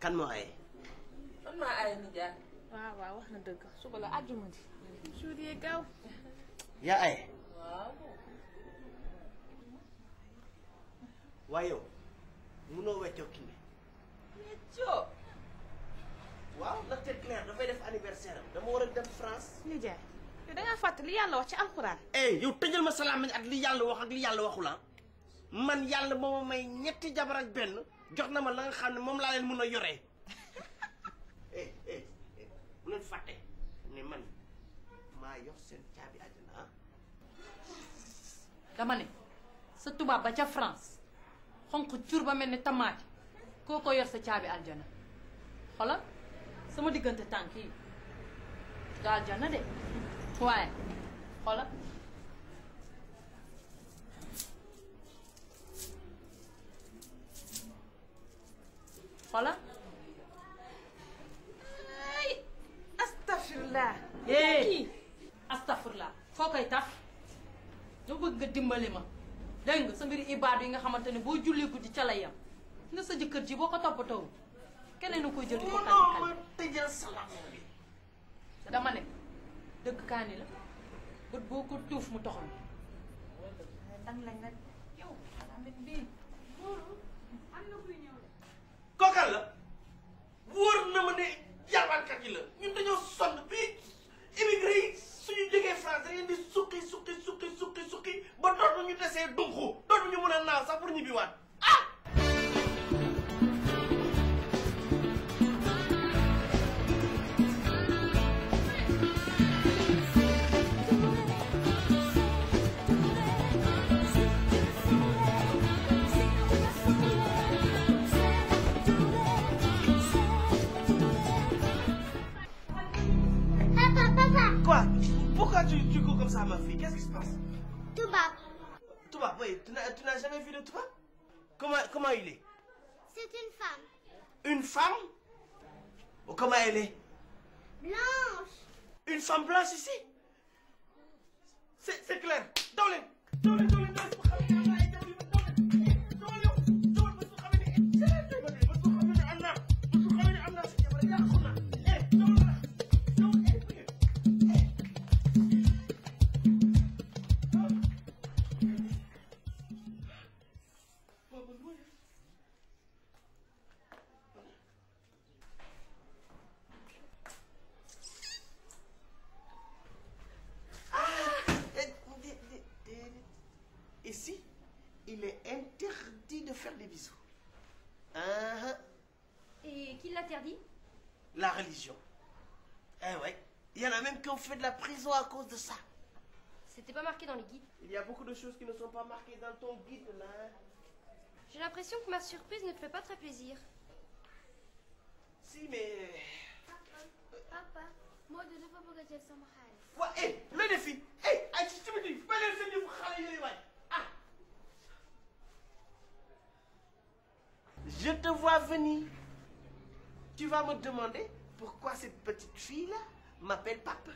kan mo ay kan ma ay ja wa wa wax na deug suba la àjjuma di jour yee gaw ya ay waaw waaye yow munoo wetcho kii weccoo waaw la tête claire fay def anniversaire dama wara dem France nijaay ja? da nga fat li yalla wax ci alcorane eh yow tejeul ma salaam ak li yalla wax ak li yalla waxula man yalla moo may ñetti jabar ak benn jox na ma la nga xam ne moom laa leen mun a yoree eh, eh, eh bu leen fàtte ne man maa yor seen caabi àjjana ah. dama ne sa tubaab ba ca France xonq cuur ba mel ni tamaate koo ko yor sa caabi aljana xoolal sama diggante tànk yi du aljana de waaye xoolal xoola ay astafurlah kii astafurlah foo koy taf doo bëgg nga dimbali ma dégg nga sa mbiri ibaadu yi nga xamante ne boo julli guddi ca la yam nga sa jëkkër ji boo ko toppatoo keneen a koy jël di ko kàlli tëjal salaam bi dama ne dëgg kaani la bët boo ko tuuf mu toxal pourquoi tu, cours comme ça, ma fille Qu'est-ce qui se passe Touba. oui, tu n'as jamais vu de Touba comment, comment il est C'est une femme. Une femme Comment elle est Blanche. Une femme blanche ici faire des bisous. Hein, hein. Et qui l'interdit La religion. Eh ouais, il y en a même qui ont fait de la prison à cause de ça. C'était pas marqué dans les guides. Il y a beaucoup de choses qui ne sont pas marquées dans ton guide, là. Hein. J'ai l'impression que ma surprise ne te fait pas très plaisir. Si, mais... Euh, papa, moi de que tu j'ai le Ouais, hé, eh, le défi Hé, eh, tu me dis, fais le défi, Je te vois venir. Tu vas me demander pourquoi cette petite fille-là m'appelle papa.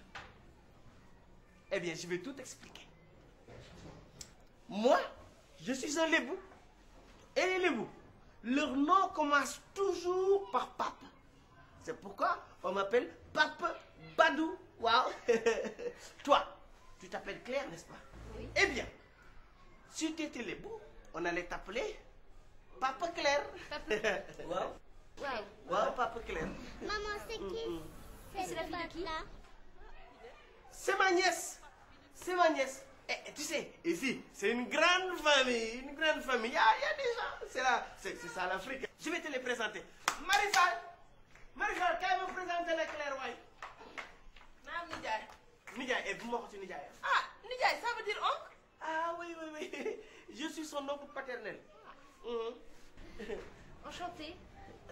Eh bien, je vais tout expliquer. Moi, je suis un lébou. Et les lébous, leur nom commence toujours par Pape. C'est pourquoi on m'appelle Pape Badou. Waouh Toi, tu t'appelles Claire, n'est-ce pas Eh bien, si tu étais lébou, on allait t'appeler papa Claire. wow, wow, wow papa Claire. maman c'est qui. c'est la fille qui c'est ma nièce. c'est ma nièce. Eh, eh, tu sais, ici, c'est une grande famille, une grande famille. Il y a, des gens, c'est là, c'est ça l'Afrique. Je vais te les présenter. Marisal, Marisal, quand me présente la Claire Oui. Nam Nidjaï. Nidjaï, et vous m'avez Ah, Nidjaï, ça veut dire oncle Ah oui, oui, oui. Je suis son oncle paternel. Ah. Mm-hmm. Enchantée.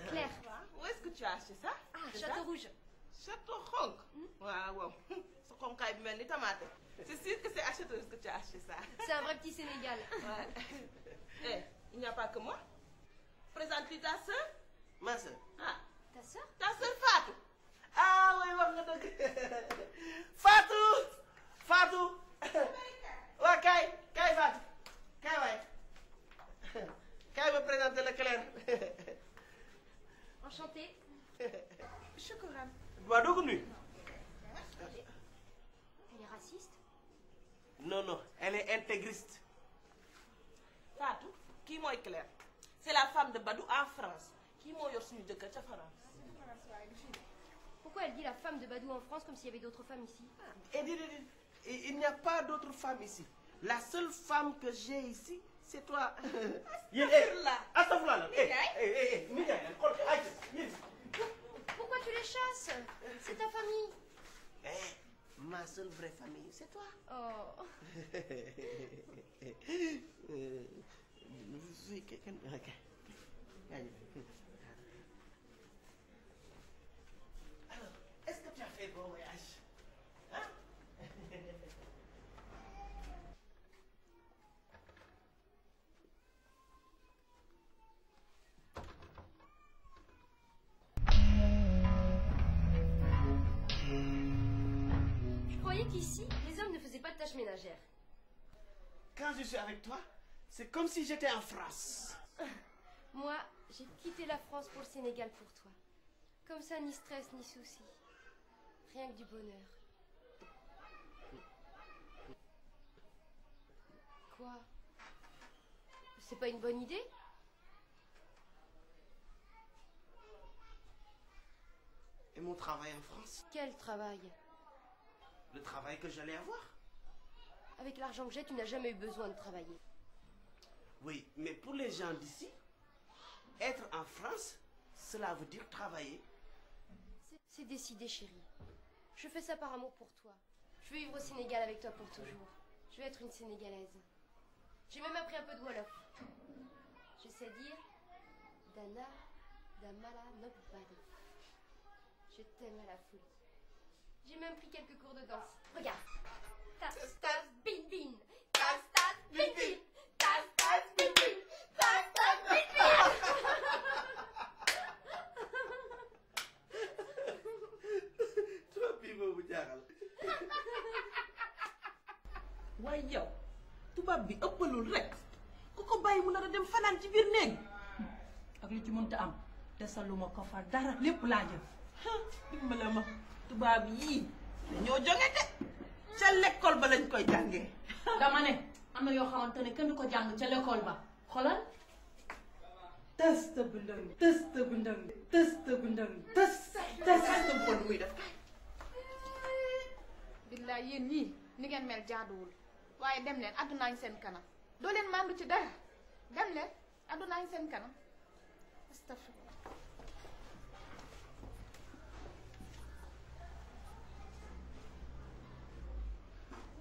Claire. Euh, où est-ce que tu as acheté ça Ah, Château Rouge. Château Rouge? Waouh, hmm? waouh. Ce ronc a bien des tomates. C'est sûr que c'est à Château Rouge que tu as acheté ça. C'est un vrai petit Sénégal. Ouais. hey, eh, il n'y a pas que moi. Présente-lui ta soeur. Ma soeur. Ah. Ta soeur Ta soeur Fatou. Ah oui, Fatou. Fatou. Fatou. de Enchantée. Chocoram. Bah, donc, lui. Elle est raciste Non, non, elle est intégriste. Fatou, qui moi Claire C'est la femme de Badou en France. Qui moi Yorsunu de France Pourquoi elle dit la femme de Badou en France comme s'il y avait d'autres femmes ici Il n'y a pas d'autres femmes ici. La seule femme que j'ai ici, c'est toi. pourquoi tu les chasses C'est ta famille. Eh, ma seule vraie famille, c'est toi. Oh. Alors, est-ce que tu as fait bon voyage Ici, les hommes ne faisaient pas de tâches ménagères. Quand je suis avec toi, c'est comme si j'étais en France. Moi, j'ai quitté la France pour le Sénégal pour toi. Comme ça, ni stress, ni soucis. Rien que du bonheur. Quoi C'est pas une bonne idée Et mon travail en France Quel travail le travail que j'allais avoir. Avec l'argent que j'ai, tu n'as jamais eu besoin de travailler. Oui, mais pour les gens d'ici, être en France, cela veut dire travailler. C'est décidé, chérie. Je fais ça par amour pour toi. Je veux vivre au Sénégal avec toi pour toujours. Je veux être une Sénégalaise. J'ai même appris un peu de Wolof. Je sais dire Dana Damala Je t'aime à la folie. J'ai même pris quelques cours de danse. Regarde. Tas, tas, bin, bin. Tas, tas, bin, bin. Tas, tas, bin, bin. bin, bin. Trop bi rek dem ci tubaab yii dañoo jóge de ca l'école ba lañ koy jàngee. dama ne am na yoo xamante ne kenn du ko jàng ca l'école ba xoolal. test bu ndaw mi test bu ndaw mi test bu ndaw mi test test bu bon muy def. billaay yéen ñii ni ngeen mel jaaduwul waaye dem leen àddunaa ngi seen kanam doo leen maandu ci dara dem leen àddunaa seen kanam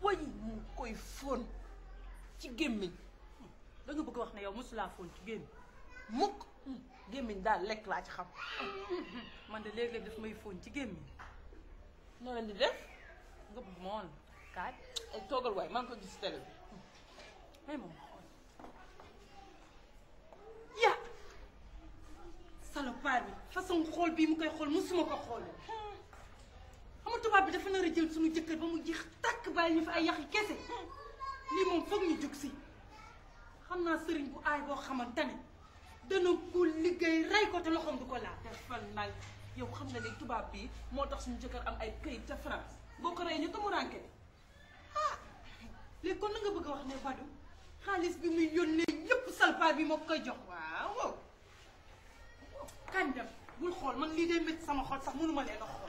way mu koy fóon ci gémmiñ da nga bëgg wax ne yow mosulaa fóon ci gémmiñ mukk gémmiñ daal lekk laa ci xam man de léeg-léeg daf may fóon ci gémmiñ noo leen di def nga bëgg moon kaay ay toogal waay maa ko gis télé bi may moom yaa salopaar bi façon xool bii mu koy xool musuma ko xool hmm. tubaab bi dafa nar a jël suñu jëkkër ba mu jeex takk bàyyi ñu fi ay yaxi kese lii moom foog ñu jug si xam naa sëriñ bu aay boo xamante ne dana ko liggéey rey ko te loxoom du ko laal. defal nag yow xam nga ne tubaab bi moo tax suñu jëkkër am ay këyit ca France boo ko rey ñu tumuraanke bi ah léegi kon na nga bëgg a wax ne Badou xaalis bi muy yónnee yëpp salpa bi moo koy jox. waaw kañ dem bul xool man lii day métti sama xol sax mënuma leen xool